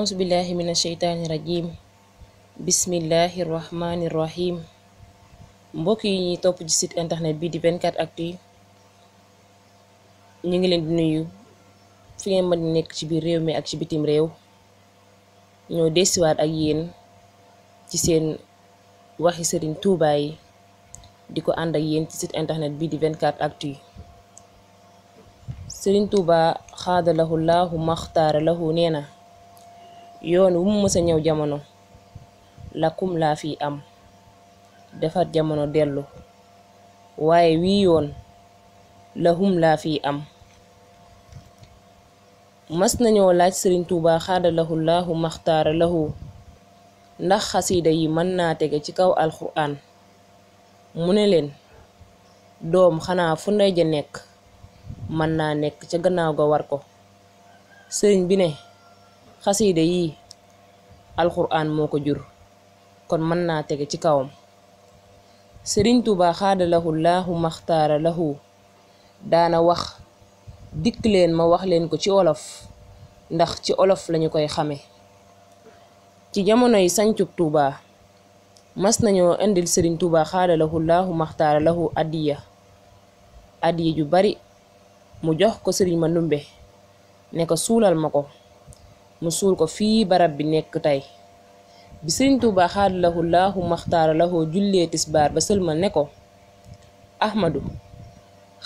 أعوذ بالله من الشيطان الرجيم bismillahi rahmaani rahim mbokk yi ñu topp ci site internet bi di 24 actu ñu ngi leen di nuyu fi ngeen mën nekk ci biir réew mi ak ci bitim réew ñoo desiwaat ak yéen ci seen waxi sëriñ Tuubaa yi di ko ànd ak yéen ci site internet bi di 24 actu sëriñ Tuubaa xaada laahu maxtaara lahu nee na yoon wu mu mës ñëw jamono lakum laa fi am defar jamono dellu waaye wii yoon lahum laa fi am mës nañoo laaj sëriñ tuuba xaadalahu laahu maxtaara lahu ndax xasiida yi mën naa tege ci kaw alxuraan mu ne leen doom xanaa fu ndey ja nekk mën naa nekk ca gannaaw ga war ko sëriñ bi ne xasiida yi alxuraan moo ko jur kon mën naa tege ci kawam sëriñ Tuubaa xaada lahu laahu maxtaara lahu daana wax dikk leen ma wax leen ko ci olof ndax ci olof lañu koy xame ci jamonoy sancub Tuubaa mas nañoo indil sëriñ Tuubaa xaada lahu laahu maxtaara lahu addiya addiya ju bari mu jox ko sëriñ ma ndumbe ne ko suulal ma ko mu suul ko fii barab bi nekk tey bi sëriñ tuuba xaadalahu laahu maxtaara lahoo jullee tisbaar ba sël ma ne ko ahmadu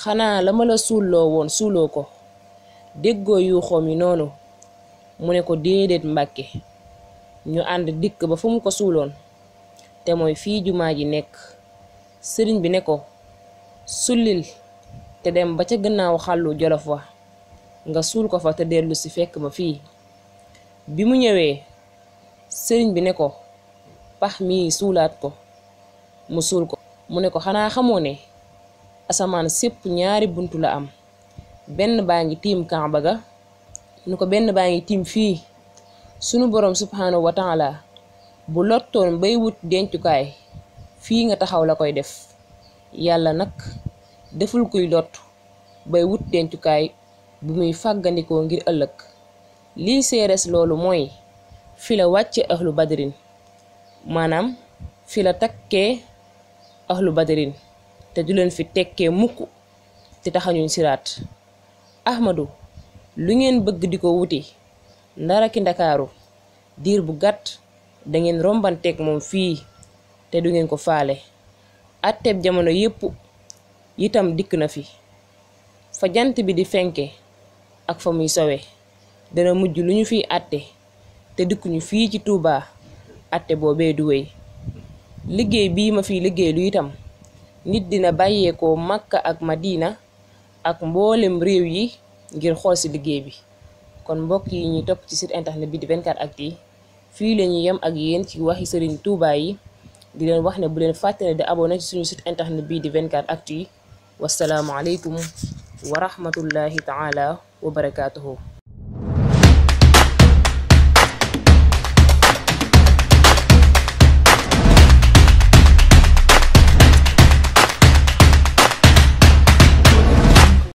xanaa la ma la suuloo woon suuloo ko déggoo yuuxoom mi noonu mu ne ko déedéet mbàkke ñu ànd dikk ba fu mu ko suuloon te mooy fii jumaa ji nekk sëriñ bi ne ko sullil te dem ba ca gannaaw xàllu jolof wa nga suul ko fa te dellu si fekk ma fii bi mu ñëwee sëriñ bi ne ko pax mi suulaat ko mu suul ko mu ne ko xanaa xamoo ne asamaan sépp ñaari bunt la am benn baa ngi tiim Kaaba ga nu ko benn baa ngi tiim fii sunu boroom subhaanahu wa taala bu lottoon bay wut dencukaay fii nga taxaw la koy def yàlla nag deful kuy lott bay wut dencukaay bu muy fàggandikoo ngir ëllëg lii séeres loolu mooy fi la wàcce ahlu badrin maanaam fi la takkee ahlu badrin te du leen fi tekkee mukk te taxañuñ siraat ahmadu lu ngeen bëgg di ko wuti ndara ki ndakaaru diir bu gàtt dangeen rombanteek moom fii te du ngeen ko faale atteeb jamono yépp itam dikk na fi fa jant bi di fenke ak fa muy sowe dana mujj lu ñu fi àtte te dikkuñu fii ci Touba àtte boobee du liggéey bii ma fiy liggéey lu itam nit dina bàyyeekoo Makka ak Madina ak mboolem réew yi ngir xool si liggéey bi kon mbokk yi ñuy topp ci site internet bi di 24actu yi fii la ñuy yem ak yéen ci waxi Serigne Touba yi di leen wax ne bu leen fàtte ne di abonné ci suñu site internet bii di 24actu yi wasalaamualeykum wa rahmatullahi taala wa